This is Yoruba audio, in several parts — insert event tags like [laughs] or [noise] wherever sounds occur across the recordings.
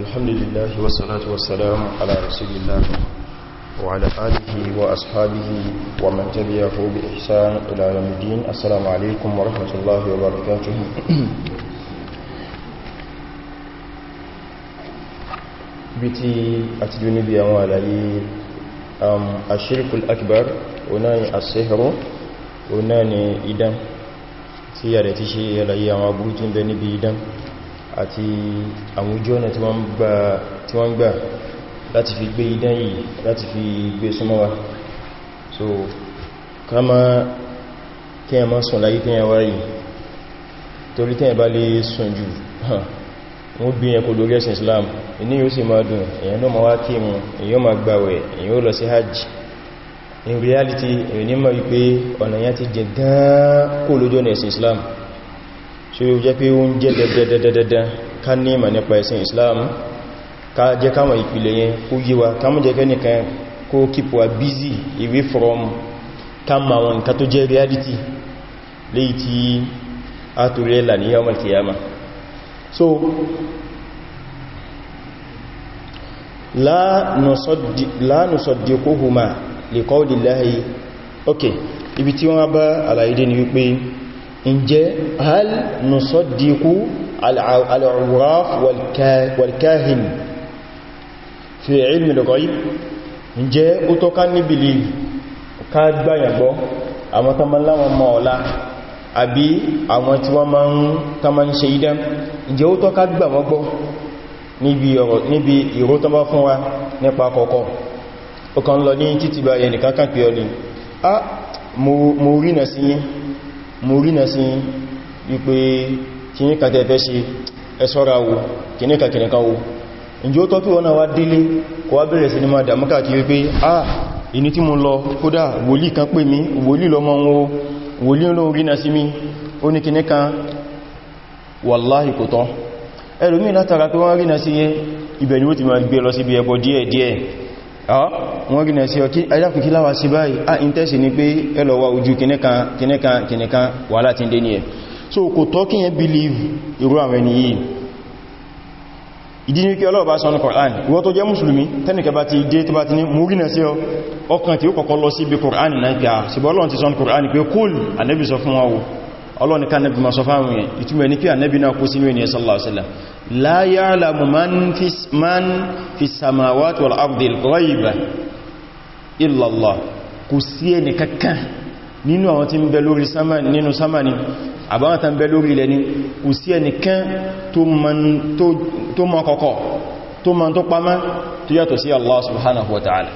الحمد لله والصلاة والسلام على رسول الله وعلى آله وأصحابه ومن تبعه بإحسان إلى يوم الدين السلام عليكم ورحمة الله وبركاته بتي أتدوني بأموالي الشرك الأكبر وناني السهر وناني إدم سيارة تشيء لأي أمابوتين بني بإدم àti àwọn ojú ọ̀nà tí wọ́n gbà láti fi gbé idán yìí láti fi gbé e súnmọ́ wa so kama kí ẹ má sùn láyé tí ẹ wá yìí torí tí ẹ bá lè sùn jù wọ́n bí ẹkù lórí ẹ̀sìn Islam inú yóò sì máa dùn èyàn náà máa wá kí mú èyàn máa gbàwẹ̀ èyàn ó lọ sí hajj in reality èyàn ní mọ̀ wípé ọ̀nà yẹn ti jẹ gan kó lójú ọ̀nà ẹ̀sìn Islam so yóò jẹ́ pé ó ń jẹ́ dẹ̀dẹ̀dẹ̀dẹ̀dẹ̀ ká ní ìmọ̀ nípa ẹ̀sìn Islam ká jẹ́ káwọn ìpìlẹ̀ yẹn kó yé wa ká mọ́ jẹ́ kẹ́nìkan kó keep wa busy away from ká ma wọn nǹkan tó jẹ́ reality léyìí tí a torí ẹ̀là ní yawmal qiyamah so la nusaddi la nusaddiquhuma li okay ibi tí wọ́n bá àlàyé dé ni wípé ǹjẹ́ hal nùsọ́dìkú al'awraf walkahin fi ilmi al-ghaib ǹjẹ́ ó tó ká ní believe ká gbáyàgbọ́ àwọn tamanláwọn mọ́ọ̀lá àbí àwọn tí wọ́n máa ń tamá ń ṣe idán ǹjẹ́ ó tó ká gbà wọ́n gbọ́ níbi ìró tó bá fún wa nípa kọ̀kọ̀ ó lọ ní títí bá yẹnìkan kàn pé ọ ni a ah, mo rí na sí yìí mo rí na sí wípé kìníkà tẹ́fẹ́ ṣe ẹ̀ṣọ́ra wo kìníkà kìníkà wo ǹjẹ́ ó tọ́ kí wọ́n náà wá délé wá bẹ̀rẹ̀ sí ní máa dàmú káàkiri wípé ah ìní tí mo lọ kódà wòlí kan pè mí wòlíì lọmọ wọn wòlíì olóhun rí na sí mi ó ní kìníkà wàláhì kò tọ́ ẹlòmí látara pé wọ́n rí na sí ibẹ̀ ni ó ti máa gbé lọ síbi ẹbọ díẹ̀díẹ̀ wọ́n gínà sí ọkí ajákùn kí láwá sí báyìí a ah, intẹ́sì ní pé ẹlọ́wà ojú kìnẹ́kan kìnẹ́kan kìnẹ́kan wà láti dé ní ẹ̀ so kò tọ́ kí yẹn believe irú àwọn ẹni yìí ìdí ní kí ọlọ́ọ̀bá sọ ní Qur'an ìwọ́n tó jẹ́ mùsùlùmí tẹ́nìkà bá ti dé tó bá ti ní mú gínà sí ọkàn tí ó kọ̀kọ́ lọ sí ibi Qur'an náà gbà ah, ṣùgbọ́n ti sọ ní Qur'an pé kúl ànẹ́bì fún wọn wò ọlọ́ni ká nẹ́bí masu fáwọn yẹn ìtumẹ̀ ní kí a nẹ́bí náà kó sínú ẹni sallallahu alaihi wasallam la ya'lamu man fi samawati wal ardi al-ghayba illa Allah kò sí ẹni kankan nínú àwọn tí ń bẹ lórí nínú sámàní àbáwọn tán bẹ lórí ilẹ̀ ni kò sí ẹni kan tó mọ kọ̀kọ̀ tó mọ tó pamọ́ tó yàtọ̀ sí Allah subhanahu wa ta'ala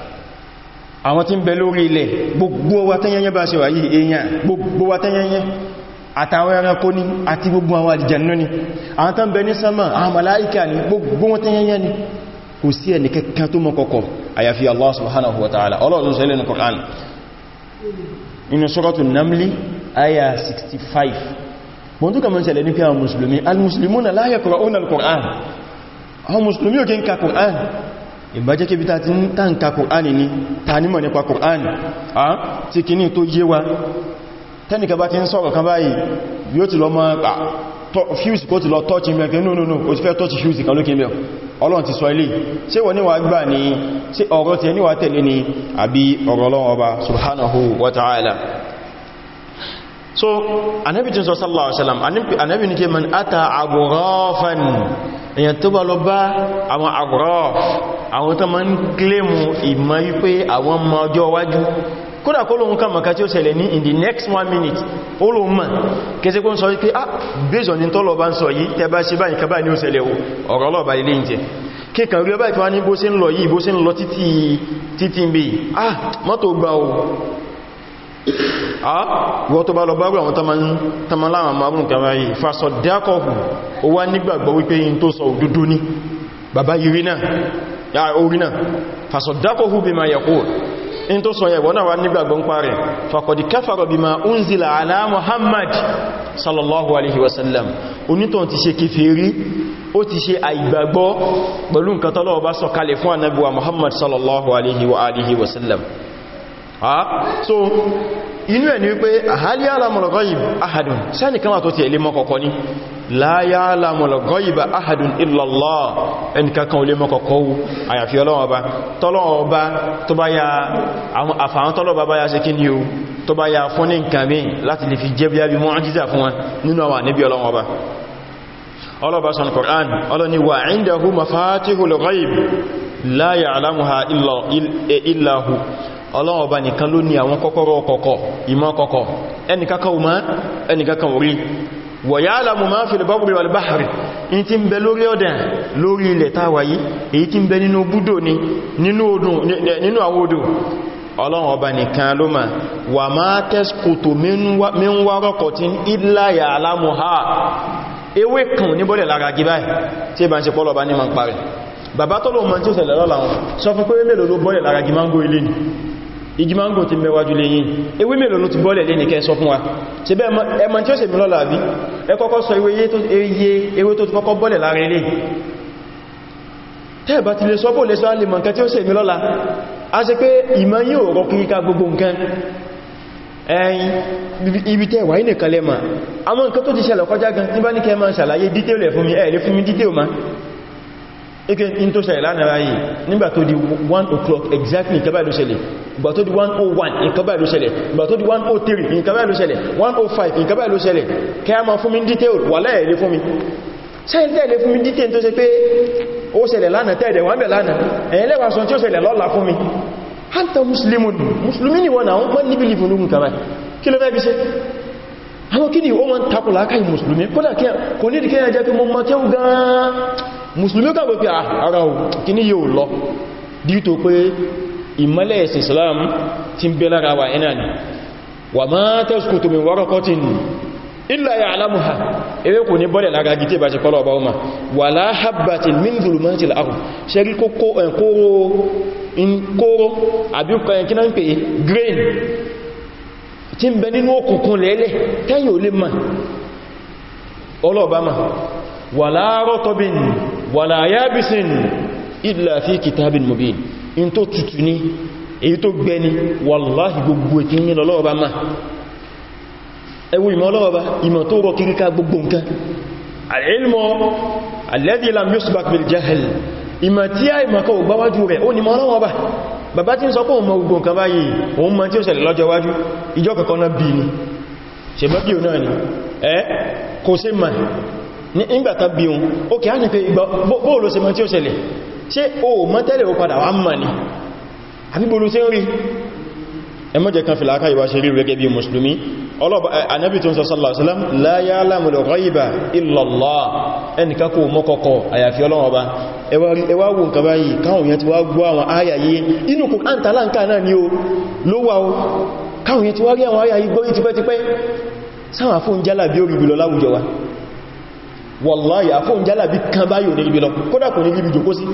àwọn tí ń bẹ lórí ilẹ̀ gbogbo wa tanyẹnyẹ bá ṣe wà yìí èèyàn gbogbo wa tanyẹnyẹ àtàwọn ẹranko ní àti gbogbo àwọn àlìjànnú ní àwọn tán bẹ ní sánmà àwọn màláíkà ní gbogbo wọn tẹ́yẹnyẹ ní kò sí ẹni kẹkàn tó mọ̀ kọ̀kọ̀ àyàfi Allah subhanahu wa ta'ala ọlọ́run sọ ilẹ̀ Qur'an inú suratu Namli aya 65 mọ̀ tó kàmọ̀ ṣẹlẹ̀ ní pé àwọn musulmi al-muslimuna la yaqra'una al-Qur'an àwọn musulmi ò kí Qur'an ìbájẹ́ kí bí ta ti ń tàǹkà ni ta nímọ̀ nípa Qur'an ah, tí tẹ́nìkan bá ti ń sọ̀rọ̀ kan báyìí yóò ti lọ mọ́ fíùsì kó ti lọ tọ́ọ̀tì mẹ́kẹ́ no no no kò ti fẹ́ tọ́ọ̀tì fíùsì kan lókè mẹ́ ọlọ́run ti sọ ilé ṣe wọ́n níwà gbà ní ṣe ọ̀rọ̀ ti ẹniwà tẹ̀lé ni àbí ọ̀rọ̀ ọlọ́run subhanahu wa ta'ala so anabi tin sọ sallallahu alaihi wasallam anabi ni ke man ata agurafan èyàn tó bá lọ bá àwọn aguraf àwọn tó ma ń kílèmù ìmọ̀ wípé àwọn kódà kó lóhun kan mọ̀ká tí ó ṣẹlẹ̀ ní in the next one minute ó lóhun mọ̀ kése kó ń sọ wípé ah based on intolo bá ń sọ yìí tẹba ṣe báyìí kaba ní ó ṣẹlẹ̀ ọ̀rọ̀ ọlọ́ọ̀bá ilé ìjẹ kíkàn rí ọba ìfẹ́wà ní bó ṣe ń lọ yìí bó ṣe ń lọ títí ń bí ah mọ́tò gbà o ah wọ́n tó bá lọ bá àwọn tamaláwọn márùn kàmà yìí fásọ dákọ̀ọ̀kù ó wá nígbàgbọ́ wípé yìí tó sọ òdúdó ní bàbá yìí rí náà fásọ dákọ̀ọ̀kù bí ma yẹ̀ in tó sọ yẹ̀wọ̀ náà wà nígbàgbọ́n parí fàkọ̀dì kẹfàrọ̀ bí ma ń zìlà Muhammad sallallahu alaihi wasallam onítọ̀n ti ṣe kèfèrí ó ti ṣe àìgbàgbọ́ pẹ̀lú nǹkan tọ́lọ́wọ́ bá sọ kalẹ̀ fún annabuwa Muhammad sallallahu alaihi wa alihi wasallam ha so inú ẹ̀ ni wípé àhálí alamul ghaib ahadun sẹ́nìkan wà tó ti ẹ̀lé mọ́kọ̀kọ́ ni la ya'lamu al-ghayba ahadun illa Allah ẹni kankan olè mọ́ kọ̀kọ́ àyàfi Ọlọ́run Ọba t'Ọlọ́run Ọba tó bá ya àfàwọn t'Ọlọ́run Ọba bá ya ṣe kí ni o tó bá ya fún ní nǹkan mi láti lè fi jẹ́ bí i mu'jiza fún wọn nínú àwọn ànábì Ọlọ́run Ọba ọlọ́ba sọ Al-Qur'an ọlọ́ni nìkan ló ní àwọn kọ́kọ́rọ́ kọ̀kọ̀ ìmọ̀ kọ̀kọ̀ ẹnìkankan ò mọ̀ ẹnìkankan ò rí wọ̀yálàmù máa fi lọ́gbọ̀gbì wàlbáhàrì in ti ń bẹ lórí ọ̀dẹ̀ lórí ilẹ̀ tàwàyí èyí ti ń bẹ nínú búdò ní nínú àwọn odò ọlọ́run ọba nìkan ló ma wà máa tẹ́skòtò mínwárọ́kọ̀tí ìláyà alámùhá ewé kan níbọ̀lẹ̀ lára gíbáì tí ìbá ń se pọ́lọ̀ bá ní ma ń parí bàbá tọ́lọ̀ igi mango ti mẹ́wàjú lè yìn ewé mélòó ló ti bọ́lẹ̀ lè ní kẹ́ sọ fún wa ṣe bẹ́ ẹmọ tí ó se mílọ́lá àbí ẹ kọ́kọ́ sọ ewé tó ti kọ́kọ́ bọ́lẹ̀ láàrin ilé tẹ́ẹ̀bá ti lè sọ́pọ̀ lè sọ alìmọ̀ nǹkan tí ó se mílọ́lá a ṣe pé ìmọ̀ yíò rọ kíríká gbogbo nǹkan ẹ̀yìn ibi tẹ́ wà nìkan lẹ́mà àwọn nǹkan tó ti ṣẹlẹ̀ kọjá gan tí bá ní kẹ́ máa ṣàlàyé dítẹ́ ikin in tó ṣẹlẹ̀ lánàá ráyè nígbà tó di 1 o'clock exactly nǹkan báyìí ló ṣẹlẹ̀ ìgbà tó di 101 nǹkan báyìí ló ṣẹlẹ̀ ìgbà tó di 103 nǹkan báyìí ló ṣẹlẹ̀ 105 nǹkan báyìí ló ṣẹlẹ̀ kí a máa fún mi detail wà láyẹ̀lé fún mi ṣẹ́ẹ̀lẹ̀ fún mi detail tó ṣe pé ó ṣẹlẹ̀ lánàá tẹ́ẹ̀dẹ̀ wọ́n bẹ̀ lánàá ẹ̀yìn lẹ́wà sọ tí ó ṣẹlẹ̀ lọ́la fún mi hanta muslimun musulmi ni wọn àwọn pọ́n níbi lìfún lókun kàmá kí ló fẹ́ àwọn kí ni ó wọ́n takùlá káyì musulmi kódà kò ní ìdíkẹ́ ẹjẹ́ pé mọ́ mọ́ kẹ́wù gan-an musulmi kàbò pé ah, ara ò kí ní yóò lọ dìtò pé ìmọ́lẹ̀ ẹ̀sìn islam ti ń bẹ lára wa ẹ̀nà ni wà máa tasqutu min waraqatin illa ya'lamuha ewé kò ní bọ́lẹ̀ lára gítẹ̀ bá ṣe kọ́lọ̀ ọba ọmọ wala habbatin min dhulumatil ardh ṣe rí kóró àbí kí náà ń pè grain tí ń bẹ nínú òkùnkùn lẹ́lẹ̀ wala ratbin wàlá yábísìn ìlà fi kìtàbìn mubin in tó tutù ní èyí tó gbẹ ní wàláhì gbogbo ètí ní lọ́lọ́ọ̀bá ma ẹwú ìmọ̀ ọlọ́ọ̀bá ìmọ̀ tó rọ kíríká gbogbo nǹkan bàbá tí ń sọ pọ̀ báyìí òun tí ó lọ́jọ́ wájú ìjọ́ náà bí ṣe mọ́ bí náà ni nígbàtà bí un ó kìí hánì pé bóòlò ṣe mọ́ tí ó ṣẹlẹ̀ ṣe o mọ́ tẹ́lẹ̀ ó padà wà mọ́ ní àbí bóòlò ṣe ń rí ẹmọ́jẹ̀ kan fìlàkà ìwà ṣe rí rẹ̀ bí mùsùlùmí ọlọ́bà sallallahu alaihi wasallam la ya'lamul ghaiba illa Allah ẹnìkan kò mọ̀ kọ̀kọ̀ àyàfi Ọlọ́run Ọba ẹwà wù nǹkan báyìí káwọn yẹn ti wá gbọ́ àwọn ayayi inú Kùránì tàlánkà náà ni ó lówà ó káwọn yẹn ti wá rí sáwọn fún jálà bí ó láwùjọ wa wàláyì àfóhùn jálàbí kan báyìí ní ibi lọ kódà kò ní ibi jòkó sí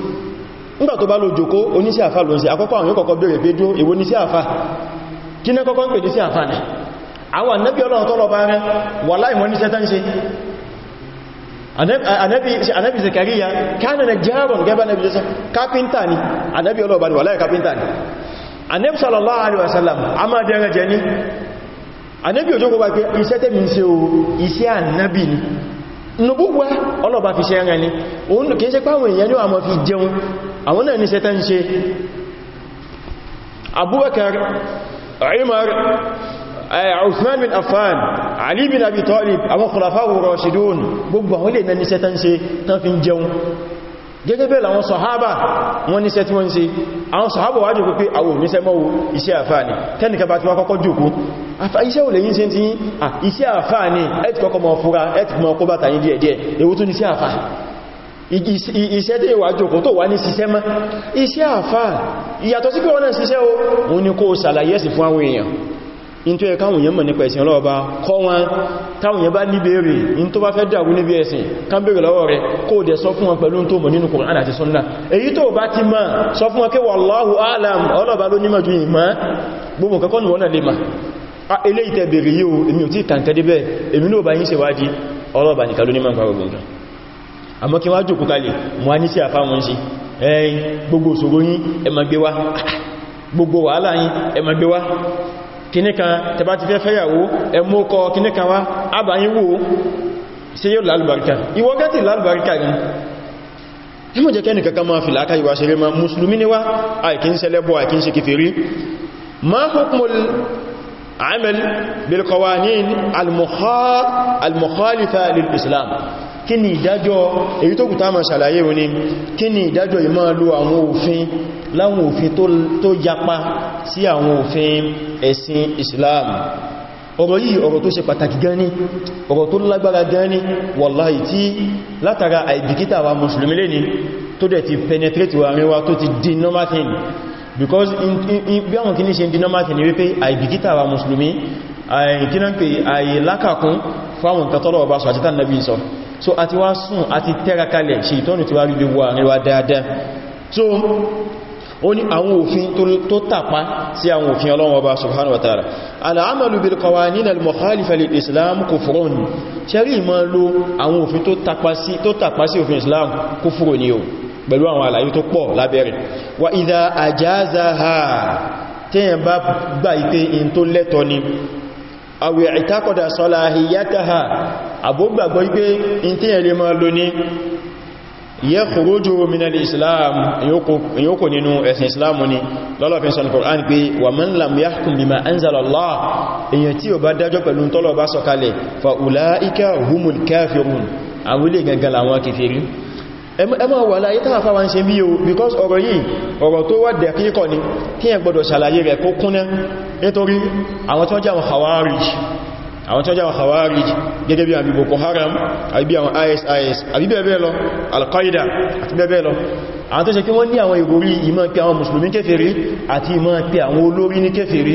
nígbà tó bá lọ jòkó oníṣẹ́ àfà lọ sí àkọ́kọ́ àwọn kọ́kọ́ bèèrè pé jó èwo ní sí àfà kí ní kọ́kọ́ ń pè ní sí àfà ní àwọn anẹ́bí ọlọ́run tọ́lọ bá rẹ wàláyì mọ́ níṣẹ́ tán ṣe anẹ́bí Zakariya kánà na jaron gẹ́bà na bisa kápíntà ni anẹ́bí ọlọ́run bá ní wàláyì kápíntà ni anẹ́bí sallallahu alaihi wasallam a máa dẹ́rẹ jẹ ní anẹ́bí òjò kó bá pé iṣẹ́ tẹ́mi ń ṣe o iṣẹ́ anẹ́bí ni nùbúwẹ́ ọlọ́ba fi ṣe ẹran ni òun kìí ṣe páwọn èèyàn ní àmọ́ fi jẹun àwọn náà ní ṣe tán ṣe abubakar umar eh, uthman bin affan ali bin abi talib àwọn khulafa'ur rashidun gbogbo àwọn ilẹ̀ náà ní ṣe tán ṣe tán fi jẹun gẹ́gẹ́ bẹ́ẹ̀ làwọn sọ̀hábà wọn níṣẹ́ tí wọ́n ṣe àwọn sọ̀hábà wá jòkó pé àwọn oníṣẹ́ mọ́wó iṣẹ́ àfáàní tẹ́nìkan bá ti wá kọ́kọ́ jòkó iṣẹ́ olè yín ṣe tí iṣẹ́ àfáàní ẹ̀tì kọ́kọ́ mọ́ fúra ẹ̀tì mọ́ kó bàtà yín díẹ̀díẹ̀ èwo tún iṣẹ́ àfáà iṣẹ́ in tó yẹ káwọn yẹn mọ̀ nípa ẹ̀sìn ọlọ́ọ̀bá kọ́ wọn táwọn yẹn bá ní béèrè in tó bá fẹ́ dàrú níbi ẹ̀sìn kán béèrè lọ́wọ́ rẹ̀ kó dẹ̀ sọ fún wọn pẹ̀lú tó mọ̀ nínú Kùránì àti Sunnah èyí tó bá ti mọ̀ sọ fún wọn a'lam ọlọ́ọ̀bá ló nímọ̀ ju ìmọ̀ gbogbo nǹkan kọ́nù wọ́n lè mọ̀ ilé ìtẹ̀ béèrè yíò èmi ò tí kàǹkẹ́ débẹ̀ èmi ló bá yín ṣe wádìí ọlọ́ọ̀bá nìkan ló nímọ̀ gbogbo nǹkan àmọ́ kí wájú kò kalẹ̀ mọ́ wàhálà yín ẹ gbé wá kìníkan tẹbá ti fẹ́ fẹ́yàwó ẹmú kọ kìníkan wá àbáyínwó sí yóò lálùbáríkà ìwọ́gẹ́tì lálùbáríkà ní ẹmọ́ jẹ́ kẹ́ni kankan máa fi láàká ìwà ṣeré ma musulmi ni wá àìkín sẹlẹ́bọ̀ àìkín ṣe kìfèrí ma kí ni ìdájọ́ èyí tó kùtà máa ṣàlàyé wọn ni kí ni ìdájọ́ ìmá lo àwọn òfin láwọn òfin tó yapa sí àwọn òfin ẹ̀sìn Islam ọ̀rọ̀ yìí ọ̀rọ̀ tó ṣe pàtàkì gan ni ọ̀rọ̀ tó lágbára gan ni wàláhì tí látara àìbìkítà wa mùsùlùmí lè ní tó dẹ̀ ti penetrate wa rí wa tó ti di normal thing because bí àwọn kìí ṣe di normal thing wípé àìbìkítà wa mùsùlùmí àìkínà pé àìlákàkún fáwọn katọ́lọ̀ ọba sọ àti tánàbí sọ so àti wá sùn àti tẹ́ra kalẹ̀ ṣe ìtọ́nù ti wá rí gbogbo àríwá dáadáa so ó ní àwọn òfin tó tàpá sí àwọn òfin Ọlọ́run Ọba subhanahu wa ta'ala al'amalu bil qawanin al mukhalifa lil islam kufrun ṣẹ́rí ìmọ̀ lo àwọn òfin tó tàpá sí òfin islam kufrun ni o pẹ̀lú àwọn àlàyé tó pọ̀ lábẹ́rẹ̀ wa idha ajazaha tẹ́yẹn bá gbà ìpé in tó lẹ́tọ́ ni àwẹ̀ ìtàkọ̀dà sọ́lá àhìyàtàhà àbúgbàgbọ́ ipé in tí ẹ̀lẹ́ máa lò ní yẹ kòrójò minal islam yóò nínú ẹ̀sìn islam ni lọ́lọ́fin sọ Qur'an pé wa man lam yahkum bima anzala Allah èyàn tí ó bá dájọ́ pẹ̀lú tọ́lọ̀ bá sọ̀kalẹ̀ fa ẹmọ́ wà láyé tàà fáwọn ṣe bí o because ọ̀rọ̀ yìí ọ̀rọ̀ tó wà dẹ̀kíkọ̀ ni kí ẹ gbọ́dọ̀ ṣàlàyé rẹ̀ kó kúnná nítorí àwọn tó jẹ́ àwọn Khawarij àwọn tó jẹ́ àwọn Khawarij gẹ́gẹ́ bí àbí Boko Haram àbí àwọn ISIS àbí bẹ́ẹ̀bẹ́ẹ̀ lọ Al-Qaeda àti bẹ́ẹ̀bẹ́ẹ̀ lọ àwọn tó ṣe kí wọ́n ní àwọn ìròrí ìmọ̀ pé àwọn mùsùlùmí kèfèrí àti ìmọ̀ pé àwọn olórí ní kèfèrí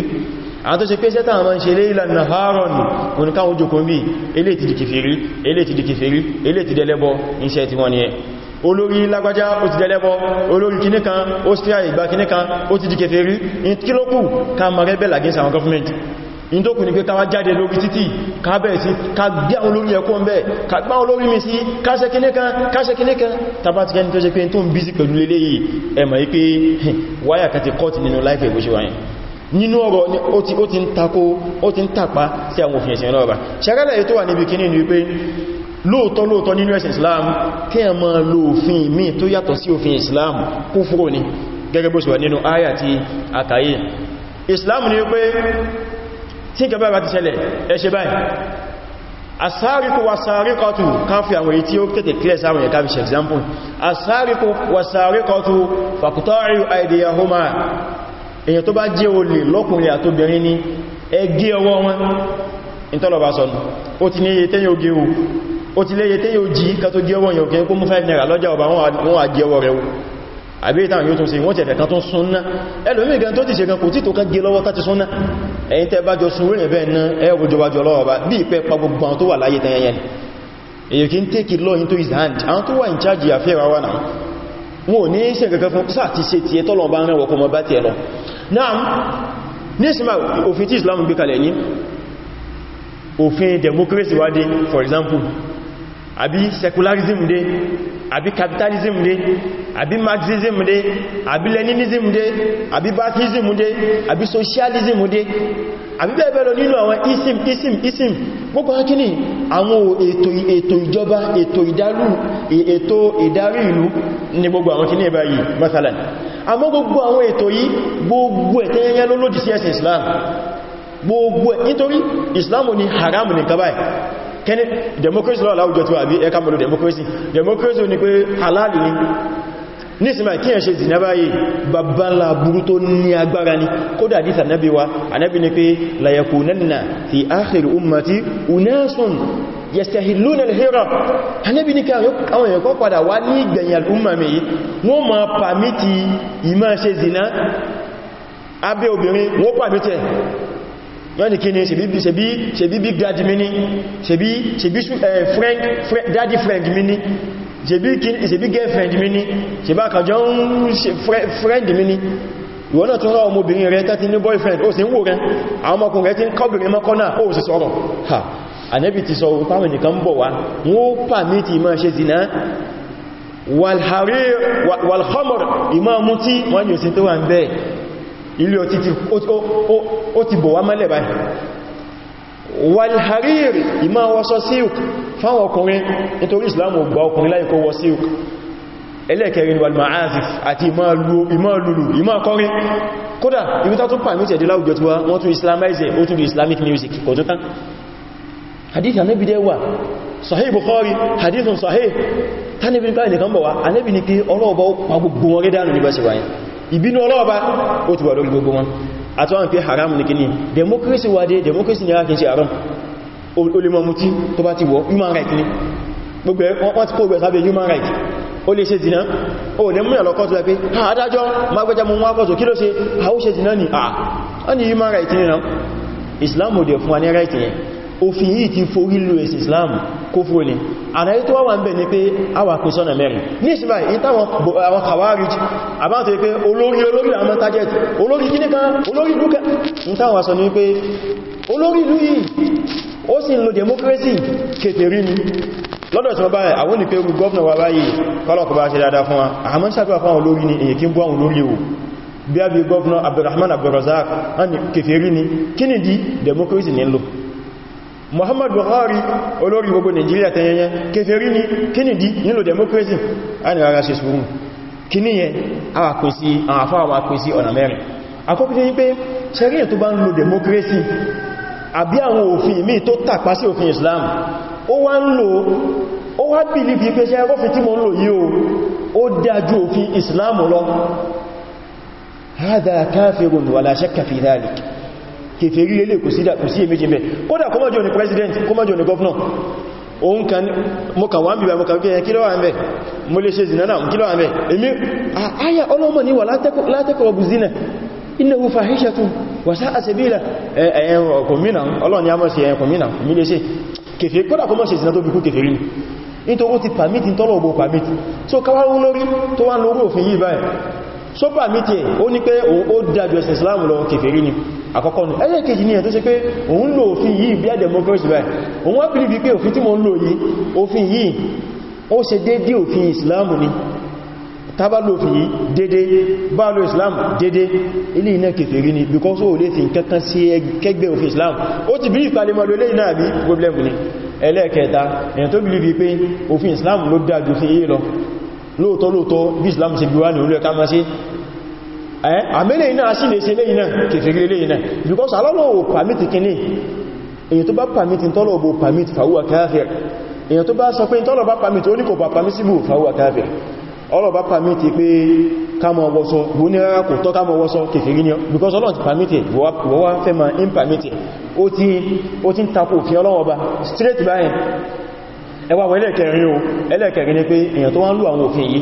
àwọn tó ṣe pé sẹ́ta àwọn ṣe léìlà nàhárọ̀ ní oníkáwọn ojókòó bí eléètìdì kèfèrí eléètìdì kèfèrí eléètìdì ẹlẹ́bọ iṣẹ́ tí wọ́n ni ẹ olórí lágbájá ó ti dẹlẹ́bọ olórí kìní kan ó sí àìgbà kìní kan ó ti di kèfèrí in kí ló kù ká ma rẹ́bẹ̀ against àwọn government in tó kù ní pé ká wá jáde lórí títì ká bẹ̀rẹ̀ ti gẹni tó ṣe pé tó ń bízí pẹ̀lú lélé yìí ẹ̀mọ̀ yí pé wáyà kan ti kọ́tì nínú láìfẹ̀ ìgbóṣe wáyìn nínú ọ̀rọ̀ ni ó ti ń tako ó ti ń tàpá sí àwọn òfin ẹ̀sìn ọlọ́ọ̀bá ṣẹ́gẹ́lẹ̀ ètò wà níbi kìíní ni wípé lóòtọ́ lóòtọ́ nínú ẹ̀sìn islam kí a máa lo òfin mi tó yàtọ̀ sí òfin islam kún fúrò ní gẹ́gẹ́ bó ṣe wà nínú àyà tí a islam ni pé tí gẹ́gẹ́ bá ti ṣẹlẹ̀ ẹ ṣe báyìí asáríkù wasáríkọtù ká fi àwọn èyí tí ó tètè clear sáwọn ẹ̀ká fi ṣe example asáríkù wasáríkọtù fàkútọ́rì àìdíyàhómà èyàn tó bá jẹ́ olè lọ́kùnrin àtóbìnrin ní ẹgbẹ́ ọwọ́ wọn ìtọ́lọ̀bá sọ́nà ó ti léye tí yóò jí ká tó jẹ́wọ́ yóò kí kó mú 5 naira lọ́jà ọba wọn àjẹwọ́ rẹ̀ àbí ìtàn yóò tún sí wọ́n tẹ̀fẹ̀ kan tó súnná ẹlòmí gan tó ti ṣe kan kò tí tó ká gé lọ́wọ́ ká ti súnná ẹ̀yìn tẹ́ bá jọ sún rẹ̀ bẹ́ẹ̀ ná ẹ̀rù jọbajọ lọ́wọ́ bá èyí kí ń take it law into àwọn tó wà in charge àfẹ́ra wà náà wọn ní ṣe kankan fún sáà ti ṣe tiẹ̀ tọ́lọ̀ bá rẹ̀ wọ́kọ̀ mọ́ bá tiẹ̀ lọ náà ní ìsinmi òfin tí Islam gbé kalẹ̀ ní òfin democracy wá for example àbí secularism dé àbí capitalism dé àbí marxism dé àbí leninism dé àbí baathism dé àbí socialism dé àbí bẹ́ẹ̀bẹ́ẹ̀ lọ nínú àwọn ism ism ism gbogbo akíní àwọn ètò ètò ìjọba ètò ìdálù ètò ìdarí ìlú ní gbogbo àwọn kíní ẹ̀bá yìí masalan àmọ́ gbogbo àwọn ètò yìí gbogbo ẹ̀tẹ́yẹn ló lòdì sí ẹ̀sìn Islam gbogbo ẹ̀ nítorí Islam ni haram ní kabai kẹ́ni democracy lọ́wọ́ láwùjọ tí wà bí ẹka mọ̀lú democracy democracy ni pé halali ni nísìnmà kí ẹ̀ ṣe zìnà báyìí babbala burú tó ní agbára ni kódà dìtà nábi wa anábi ni pé layakú nanna fi áhìrì ummati unasun yastahilluna al-hira anábi ni káwọn ẹ̀kọ́ padà wá ní ìgbẹ̀yìn al'umma mai wọ́n ma wọ́n ni kí ni ṣebí big daddy mi ní ṣebí eh, daddy friend mi ní ṣebí girlfriend mi ní ṣebí àkàjọ ń ṣe friend mi ní ìwọ́n náà tún rọ ọmọbìnrin rẹ̀ tẹ́tí ní boyfriend ó sì ń wò rẹ̀ àwọn ọmọkùnrin rẹ̀ tí ń kọ́bìnrin mọ́kọ́nà ó sì sọ̀rọ̀ ha ànẹ́bì ti sọ pàwọn nìkan ń bọ̀ wá wọ́n pàmítì máa ṣe zìnà walhamur ìmọ̀ mú tí wọ́n yóò sí tó wà ń bẹ́ẹ̀ ilé ó ti bò wá mẹ́lẹ̀ báyìí walhariri ìmá wọ́sọ síùk fáwọn ọkùnrin nítorí islamu gba ọkùnrin láì kó wọ síùk ẹlẹ́kẹrin walma'azif àti ìmá lulu ìmá kọrin kódà ibi tátún pàmítì ẹ̀dẹ́ láwùjọ islamize ó tún islamic music kò tún tán hadith bukhari hadithun sahih tánibin káyẹ̀ nìkan ni pé ọlọ́ọ̀bọ̀ pa gbogbo wọn rí dánù níbẹ̀ ìbínú ọlọ́ọ̀bá ó ti wà lórí gbogbo wọn àtọ́wọ́n pé haram ní kíní democracy wà dé democracy ní arákìí sí haram o lè mọ mutí tó bá ti wọ́ human right ní gbogbo wọ́n ti kó gbẹ̀ sábẹ̀ human right o lè ṣe dìná o lè mú ẹ̀lọ́kọ́ tó lẹ́pẹ́ ha adájọ́ ma gbẹ́jẹ́ mú wọ́n kọ́sọ̀ kí ló ṣe ha ó ṣe dìná ni ah wọ́n ni human right ní náà Islam ò dẹ̀ fún wa ní right yẹn òfin yìí ti forí lò ẹ̀sìn Islam kó fún ní àdáyé tó wà ń bẹ̀ ní pé àwà pín sọ́nà mẹ́rin ní ìsinmi ìtàwọn Khawarij àbáǹtò wípé olórí olórí àwọn target olórí kíníkan olórí dúkà ìtàwọn sọ ní wípé olórí ìlú yìí ó sì ń lo democracy kèfèrí ni lọ́dọ̀ tí wọ́n bá àwọn ìpé ogun gọ́ọ̀nà wà báyìí kọ́lọ̀kọ́ bá ṣe dáadáa fún wa àmọ́ sábà fún olórí ni èyí kí ń bú àwọn olórí ewu bí a gọ́ọ̀nà Abdulrahman Abdulrazak kèfèrí ni kí ni di democracy nílò Muhammadu buhari olori gbogbo nigeria tenyenye keferi ni kennedy nilo democracy a ni rara se suru kiniyen awa kwesi awa afa awa kwesi on america akwọkwọ ni pe sere to ba n lo democracy abi awon ofin mi to tapa si ofin islam o wa n lo o wa bilibi pe se rofin ti mo n lo yi o o daju ofin islam lo haɗa kafirun wala shakka fi dhalik. kèfèrí lélè kò sí èméjì mẹ́ kódà kọmọ́jọ́ ni president kọmọ́jọ́ ni governor òun kan mọ́kà wà ń bíbà mọ́kà wípé kí lọ́wà mẹ́ mo lè ṣe zina náà kí lọ́wà mẹ́ èmi àyà ọlọ́mọ ni wà látẹ́kọ̀ọ́ bù zina innahu fahishatun wa sa'a sabila ẹ̀yẹn ọkùnmínà ọlọ́ni a mọ́ sí ẹ̀yẹn ọkùnmínà mi lè ṣe zina tó bí kú kèfèrí ni nítorí ó ti pàmìtì tọ́lọ̀ ọgbọ̀ pàmìtì tó káwàá lórí sọ́pà mítí ẹ̀ ó ní pé òun ó dájú ẹ̀sìn islam lọ kèfèrí ni àkọ́kọ́ ní ẹlẹ́kejì ní ẹ̀ tó ṣe pé òun lò òfin yìí bí i democracy báyìí òun wá bìí pé òfin tí mo ń lò yìí òfin yìí ó ṣe dédé òfin islam ni tàbá lò fi dédé bá lò islam dédé ilé iná kèfèrí ni because ó lè fi kankan sí kẹgbẹ́ òfin islam ó ti bí ìpalẹ̀mọ́ lólé iná àbí problem ni ẹlẹ́kẹta èyàn tó bìí pé òfin islam ló dájú fi yìí lọ lóòtọ́ lóòtọ́ bí Islam ṣe bí wá ní olóẹ̀ká máa sí ẹ́ àmẹ́lẹ̀ iná sí lè ṣe lè iná kèfèrè lè iná because alọ́lọ́ ò pàmìtì kìíní èyí tó bá pàmìtì tọ́lọ̀ bó pàmìtì fàwúwà káfir èyí tó bá sọ pé tọ́lọ̀ bá pàmìtì oníkò bá pàmìsíbù fàwúwà káfir ọlọ́ bá pàmìtì pé kámọ wọ́sọ bó ní rárá kò because ọlọ́ ti pàmìtì wọ́wá fẹ́ ma in pàmìtì ó ti ń straight by ẹwà wọ ẹlẹ́kẹrin o ẹlẹ́kẹrin ni pé èyàn tó wá ń lò àwọn òfin yìí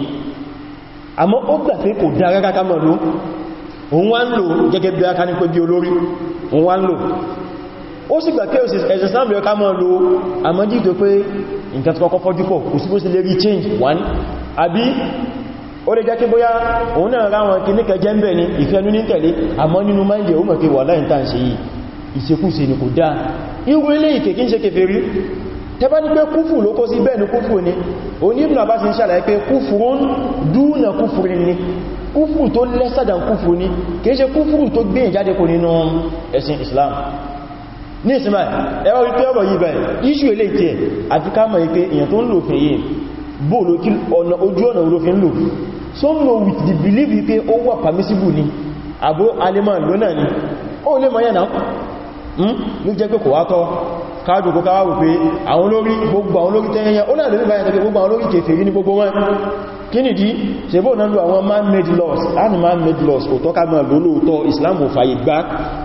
àmọ́ ó gbà pé kò dá rárá kámọ̀ ló òun wá ń lò gẹ́gẹ́ bí aka ní pé bí olórí òun wá ń lò ó sì gbà pé ẹ̀sẹ̀ change one àbí ó lè jẹ́ kí bóyá òun náà ráwọn kí níkẹ jẹ́ ń bẹ̀ ní ìfẹ́nú ní tẹ̀lé àmọ́ nínú máìlì ó mọ̀ pé wà láìntàn ṣe yìí ìṣekúṣe ni kò tẹbá ní pé kúfù ló kó sí bẹ́ẹ̀ni kúfù ni o ní Ibn Abbas ń ṣàlàyé pé kúfùrún dúnà kúfùrin ni kúfù tó lẹ́sàdàn kúfù ni kìí ṣe kúfù tó gbé ìjáde kò nínú ẹ̀sìn Islam ní ìsinmi ẹwà wípé ọ̀rọ̀ yìí bẹ̀rẹ̀ iṣu ilé ìtẹ́ àti ká mọ̀ ìpé èyàn tó ń with the belief wípé ó wà permissible ni àbó alemán ni ó lè mọ̀ yẹn náà hmm? ló jẹ́ káàkù kó káwà wípé àwọn olórí gbogbo àwọn olórí tẹ́yẹyẹ ó náà lórí báyẹ̀ gbogbo àwọn olórí kèfèrí ní gbogbo wọn kí ni dí ṣe bó náà lò àwọn man-made laws and man-made laws kò tọ́ka mọ̀ lólóòtọ́ Islam ò fàyè gbà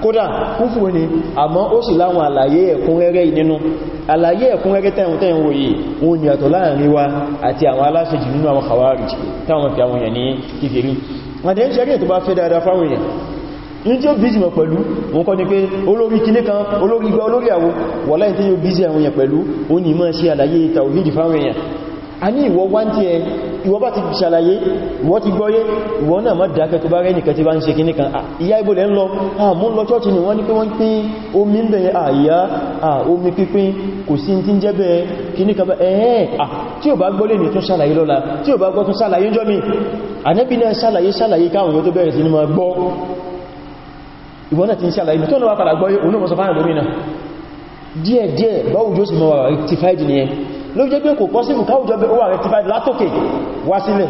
kódà kúfù ní àmọ́ ó sì láwọn àlàyé ẹ̀kúnrẹ́rẹ́ nínú àlàyé ẹ̀kúnrẹ́rẹ́ tẹ́hùn tẹ́hùn wòye òun ni àtọ̀ láàrin wa àti àwọn aláṣẹ́jì nínú àwọn Khawarij táwọn fi àwọn èèyàn ní kékeré ní tí ó bízi mọ̀ pẹ̀lú wọn kọ́ ni pé olórí kìní kan olórí igba olórí àwọ wọ́lá ní tí ó bízi àwọn èèyàn pẹ̀lú ó ní mọ́ sí àlàyé tàwíìdì fáwọn èèyàn a ní ìwọ wá tí ẹ ìwọ bá ti ṣàlàyé ìwọ ti gbọ́yé ìwọ náà má dákẹ́ tó bá rẹ́ nìkan tí bá ni wọ́n ní pé wọ́n pín omi ń bẹ̀rẹ̀ àyá omi pínpín kò sí tí ń jẹ́ bẹ̀rẹ̀ kìní kan ìwọ náà ti ń ṣàlàyé tó náà padà gbọ́yé òun náà sọ fáyẹ̀ sí mọ́ rectified ni ẹ ló jẹ́ pé kò pọ́sílù káwùjọ bẹ́ wà rectified látòkè wá sílẹ̀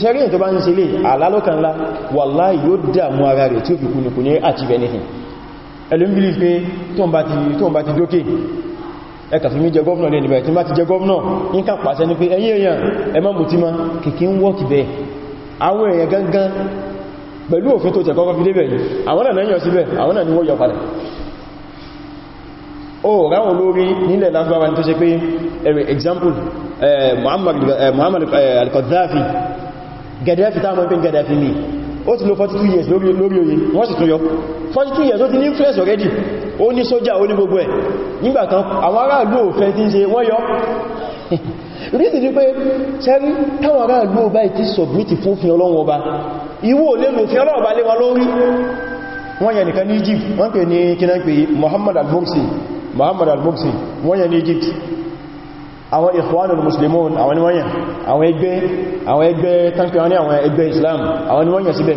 ṣẹ́rí ètò bá ń ṣe lè àlálọ́kànlá wàláhì yóò dààmú ara rẹ̀ tí ó fi kúnnù kú ní achieve anything ẹlùm bí pé tóun bá ti dókè ẹkà fi mí jẹ gọ́ọ̀nà lẹ́nu bẹ̀rẹ̀ tí má ti jẹ gọ́ọ̀nà ní ká pàṣẹ ní pé ẹ̀yin èèyàn ẹ má mutí mọ́ kìkí ń wọ́kì bẹ́ẹ̀ àwọn èèyàn gangan pẹ̀lú òfin tó tẹ̀kọ́kọ́ fi débẹ̀ yìí àwọn náà yọ síbẹ̀ àwọn náà ni wọ́n yọ padà ó ráwọn olórí nílẹ̀ lágbára tó ṣe pé ẹ̀rẹ̀ example Muammar al-Qaddafi Gaddafi táwọn pín Gaddafi ní ó ti lò 42 years lórí oyè wọ́n sì tún yọ 42 years ó ti ní influence already ó ní sójà ó ní gbogbo ẹ̀ nígbàtán àwọn aráàlú òfẹ́ tí ń ṣe wọ́n yọ [laughs] rísì ní pé ṣẹ́rí táwọn ará ìlú ọba ìtí sọ̀bìtì fún fi ọlọ́run ọba ìwọ olè lò fi ọlọ́run ọba lé wọn lórí wọ́n yẹ nìkan ní Egypt wọ́n pè ní kíná pé Muhammad al-Mursi Muhammad al-Mursi wọ́n yẹ ní Egypt àwọn Ikhwanul Muslimun àwọn ni wọ́n yẹ àwọn ẹgbẹ́ àwọn ẹgbẹ́ tánkì wọn ní àwọn ẹgbẹ́ Islam àwọn ni wọ́n yẹ síbẹ̀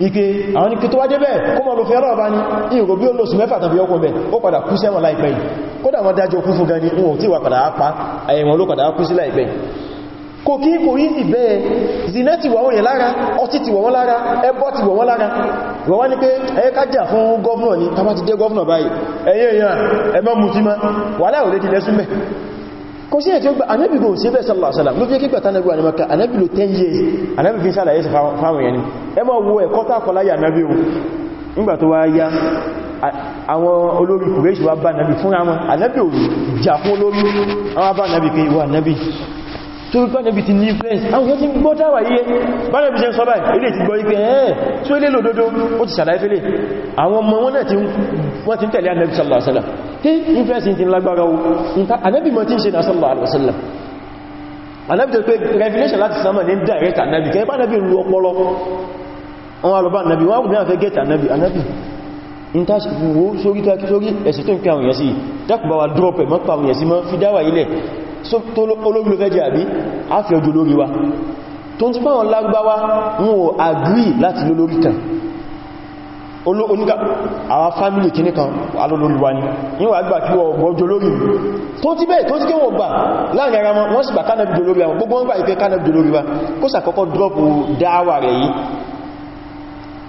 ike àwọn ní kí tó wájẹ́ bẹ́ẹ̀ kó mọ̀ ló fẹ́ràn ọba ní ìrò bí olóòsù mẹ́fà tàbí ọkọ̀ bẹ̀ ó padà kú sẹ́wọ̀n láìpẹ́ yìí kódà wọ́n dájọ́ kú fún gani wọn ò tí wà padà pa ẹ̀wọ̀n ló padà kú sí láìpẹ́ kò kí kò rí sì bẹ́ẹ̀ zina ti wà wọ́n yẹn lára ọtí ti wà wọ́n lára ẹbọ ti wà wọ́n lára wọ́n wá ní pé ẹyẹ kájà fún gọ́ọ̀nà ní tàbátí jẹ́ gọ́ọ̀nà báyìí ẹyẹ èèyàn ẹmọ́ mutí ma wà láìwọ̀lé ti lẹ́sùn mẹ́ kò sí ẹ̀tí ó gbà anábì gò sí bẹ́ẹ̀ sallallahu alaihi wasallam ló fi years anábì fi ń sàlàyé sí fáwọn yẹni ẹ mọ́ wo ẹ̀kọ́ tàkọláyà anábì o nígbà tó wá yá àwọn olórí kùrẹ́ṣì wá bá anábì fúnra wọn anábì ò jà tó wípé níbi ti ní influence àwọn yóò ti gbọ́ dáwà yíye bára bí ṣe ń sọ báyìí ilé ti gbọ́ ipé ẹ̀ẹ́ tí ó lè lò dódó ó ti ṣàlàyé fẹ́lẹ̀ àwọn ọmọ wọn náà wọ́n ti ń tẹ̀lé Ànábì sallallahu alaihi wasallam tí influence ti lágbára o Ànábì mọ́ ti ń ṣe na sallallahu alaihi wasallam Ànábì tó pé revelation láti sámà ní direct Ànábì kẹ́ bá Ànábì lu ọpọlọ àwọn alọ́bá Ànábì wọ́n wùdí àfẹ́ gẹ́ẹ̀tì Ànábì Ànábì ìntàṣì wo sórí tàkí sórí ẹ̀sì tó ń pẹ àwọn èèyàn sí dákùbáwà drop ẹ̀ mọ́ pàwọn èèyàn sí mọ́ fi dáwà ilẹ̀ olóbìnrin fẹ́ jẹ́ àbí a fi ọjọ́ lórí wa tó ń ti fáwọn lágbáwá wọn ò agree láti lólórí kan oníkà àwọn fámílì kìíní kan alólórí wa ní níwà gbà kí wọ́n gbọ́ jolórí tó ti bẹ́ẹ̀ tó ti kí wọ́n gbà láàrin ara wọn sì gbà kánàbì jolórí àwọn gbogbo wọn gbà ìfẹ́ kánàbì jolórí wa kó sàkọ́kọ́ dáwà rẹ̀ yìí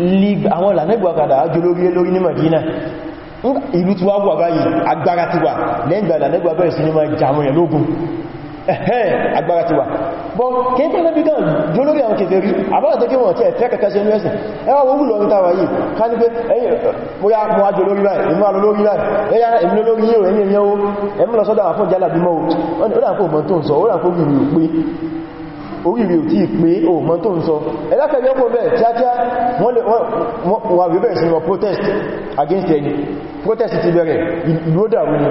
league àwọn lànẹ́gbàkàdà ájò lórí lórí ní Madina ìlú ti wá wà báyìí agbára ti wà lẹ́gbà lànẹ́gbà bẹ̀rẹ̀ sí ní máa jàmù ẹ̀ lógún ẹ̀hẹ́ agbára ti wà bọ́ kéèkéé lẹ́bí gan jọ lórí àwọn kèfèrí àbáwọ̀tẹ́ kí wọ́n tí ẹ̀fẹ́ kẹta ṣe ní ẹ̀sìn ẹwà wọ́n lọ níta wà yìí ká ní pé bóyá mọ́ ajọ lórí báyìí inú alọ lórí báyìí oríire ò tí pé òmọ́ tó ń sọ ẹ̀lákẹ̀ẹ́ ọkọ̀ bẹ́ẹ̀ kíákíá wọ́n lè wọ́n rí bẹ̀rẹ̀ sí protest against ẹni protest ti bẹ̀rẹ̀ ìlú dàrú ni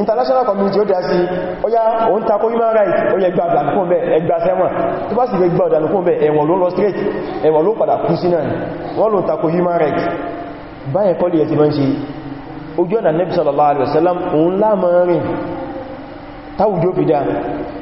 international community ó dá sí ọya òun takó human rights ó yẹ gba àdàlùkún bẹ́ ẹgbà sẹ́wọ̀n tó gba street human rights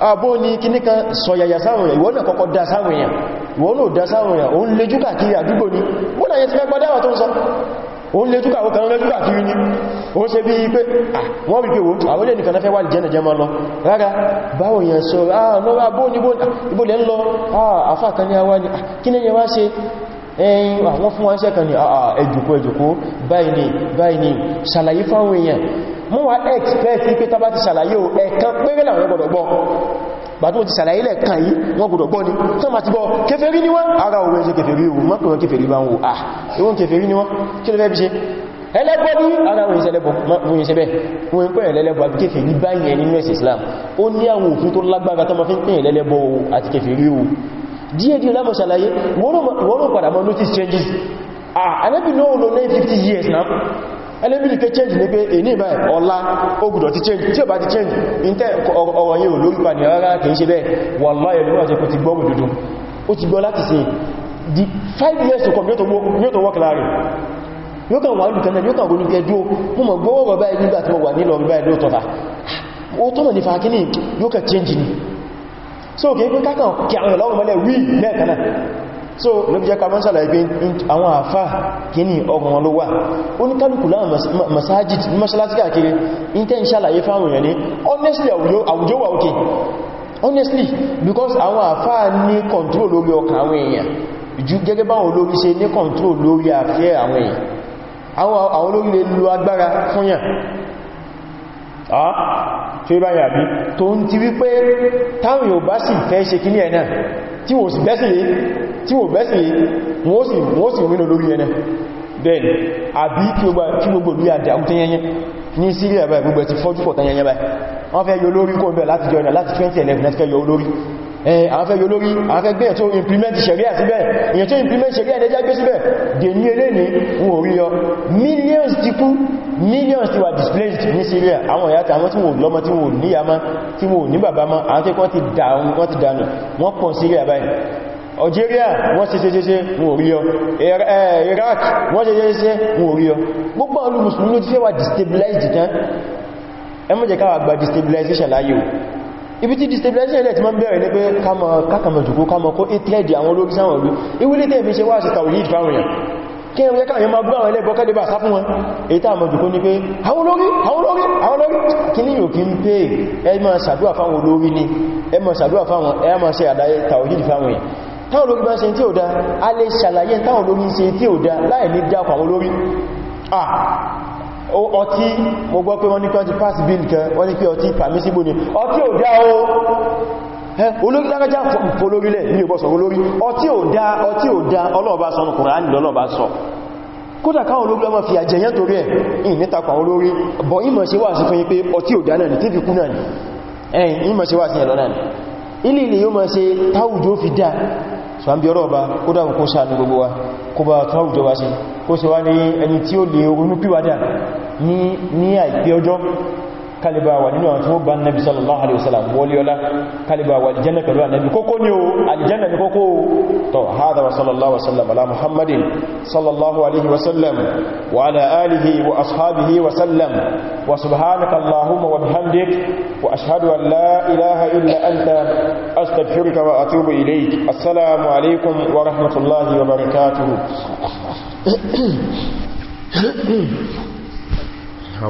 àbó ní kíní kan sọ̀yàyà sáwọn èèyàn ìwọ́n náà kọ́kọ́ dá sáwọn èèyàn ìwọ́n náà dá sáwọn èèyàn òun lè jùkà kiri àdúgbò ní wọ́n náà yẹ ti mẹ́gbà dáwà tó ń sọ òun lè jùkà òkan lè jùkà kiri ní ó ṣe bí pé wọ́n wípé wọ́n àwọn ilé nìkan fẹ́ wà jẹ́ jẹ́ máa lọ rárá báwọn èèyàn sọ àà lọ́wọ́ abó níbo lẹ́ ń ẹ̀yìn àwọn fún wọn sẹ́kàn ní àà ẹjùkú ẹjùkú báyìí ni báyìí ni ṣàlàyé fáwọn èèyàn mú wa expect ní pé tàbá ti ṣàlàyé o ẹ̀kan péré làwọn gbọ́dọ̀ gbọ́ bàtí mo ti ṣàlàyé lẹ́ẹ̀kan yìí wọ́n gbọ́dọ̀ gbọ́ ni tó ma ti bọ́ kèfèrí ni wọ́n ara òwe ṣe kèfèrí o mọ́kùn wọn kèfèrí bá ń wo ah ìwọ́n kèfèrí ni wọ́n kí ló fẹ́ bí ṣe ẹlẹ́gbọ́ ní ara òwe ìṣẹ́lẹ́bọ̀ wọ́n yìí ṣẹ́bẹ̀ wọ́n pẹ̀rẹ̀ lẹ́lẹ́bọ̀ àti kèfèrí báyìí ẹni nínú ẹ̀sìn Islam ó ní àwọn òfin tó lágbára tó ma fi ń pẹ̀rẹ̀ lẹ́lẹ́bọ̀ àti kèfèrí o díẹ̀ díẹ̀ lámọ̀ ṣàlàyé wọ́n ó padà mọ́ notice changes ah anábì náà lọ 950 years náà ẹlẹ́bìnrin pé change ní pé èní ìbáyẹ̀ ọlá ogùdọ̀ ti change tí ó bá ti change in tẹ́ ọ̀rọ̀ yìí ò lórí pa ní rárá kìí ṣe bẹ́ẹ̀ wallahi ẹ̀lúwà jẹ́ kò ti gbọ́mù dúdú ó ti gbọ́ láti sí the five years to come yóò tó work láàrin yóò kàn wà lùkẹ́ náà yóò kàn ronú gẹjọ́ mú mọ̀ gbọ́wọ́ bàbá ẹgbígbà tí wọ́n wà nílọ rí báyìí lóòtọ́ta ó tọ́nà nífà kíní yóò kàn change ni so kìí pín kákan kí àwọn ìlọ́rùn mọ́lẹ̀ wí lẹ́ẹ̀kanáà so ló bí jẹ́ ká mọ́sàlá ìgbé àwọn àfá kìíní ọgbọ̀n wọn ló wà oníkálùkù láwọn masajid mọ́sálásí káàkiri intent ṣàlàyé fáwọn èèyàn ní honestly àwùjọ wà òkè honestly because àwọn àfá ní control lórí ọkàn àwọn èèyàn ju gẹ́gẹ́ báwọn olórí ṣe ní control lórí àfẹ́ àwọn èèyàn àwọn olórí lè lo agbára fúnyàn ah? ṣe bá yàbí tó ń ti wípé táwọn yóò bá sì fẹ́ ṣe kí ní ẹ̀nà tí wò sì bẹ́sì lé tí wò bẹ́sì lé wọ́n sì wọ́n sì wínú lórí ẹ̀nà bẹ́ẹ̀ni àbí kí gbogbo ní àdàkútẹ́ yẹnyẹn ní Syria báyìí gbogbo ti fọ́jú pọ̀tán yẹnyẹn báyìí wọ́n fẹ́ yọ lórí kó bẹ̀ láti jọ ẹ̀nà láti 2011 láti kẹ́ yọ olórí àwọn fẹ́ yolórí àwọn fẹ́ gbé tó implement ṣẹ̀ríà síbẹ̀ èyàn tó implement ṣẹ̀ríà ẹ̀dẹ́já gbé síbẹ̀ dè ní elé ní wọ́n orí yọ millions ti kú millions ti wà displaced ní Syria àwọn ìyá tàwọn tí wọ́n lọ́mọ tí wọ́n ní àmá tí wọ́n ní bàbá má àwọn tí wọ́n ti dànù wọ́n pọ̀ Syria báyìí Algeria wọ́n ṣe ṣe ṣe wọ́n orí ọ eh, Iraq wọ́n ṣe ṣe ṣe wọ́n orí ọ gbogbo olú musulmi ló ti fẹ́ wà destabilization láyé o ibi tí destabilization ilẹ̀ ti máa bẹ̀rẹ̀ ní pé kákàmọ̀ jùkú kámọ̀ kó 8 àwọn olórí sáwọn olú ìwúlé tẹ́ fi kí ẹ̀rẹ́ káyẹ ma gbọ́ àwọn ẹlẹ́gbọ́ kẹ́lẹ́bà sá fún wọn èyí yóò kí ń pè ẹ má fáwọn olórí ni ẹ má ṣàdúrà fáwọn ẹ má ṣe àdáyé tàwọ̀dì fáwọn yìí táwọn olórí bá ṣe tí ò dá a lè ṣàlàyé táwọn olórí ṣe tí ò dá láì ní dákọ̀ àwọn olórí ọtí mo gbọ́ pé wọ́n ní pé pass bill kan wọ́n ní pé ọtí permissible ni ọtí ò o olórí lágbàjá fòlórílẹ̀ ní ọbọ̀ sọ olórí ọtí ò dá ọtí ò dá ọlọ́ọ̀bá sọ Kùránì lọ́lọ́ọ̀bá sọ kódà káwọn olórí ọmọ fi àjẹyàn torí ẹ̀ ìní takọ̀ olórí bọ̀ ìmọ̀ sí wà sí fún yí pé ọtí ò dá náà ní tíbi kú náà ní fi ọba kálíbà wà nínú àwọn tí ó bá nàbí sallallahu alaihi wasallam wọlíọlá kálíbà wà aljanna pẹ̀lú ànàbí kókó ni o aljanna ni kókó tọ́ hádà wa sallallahu wasallam ala muhammadin sallallahu alaihi [coughs]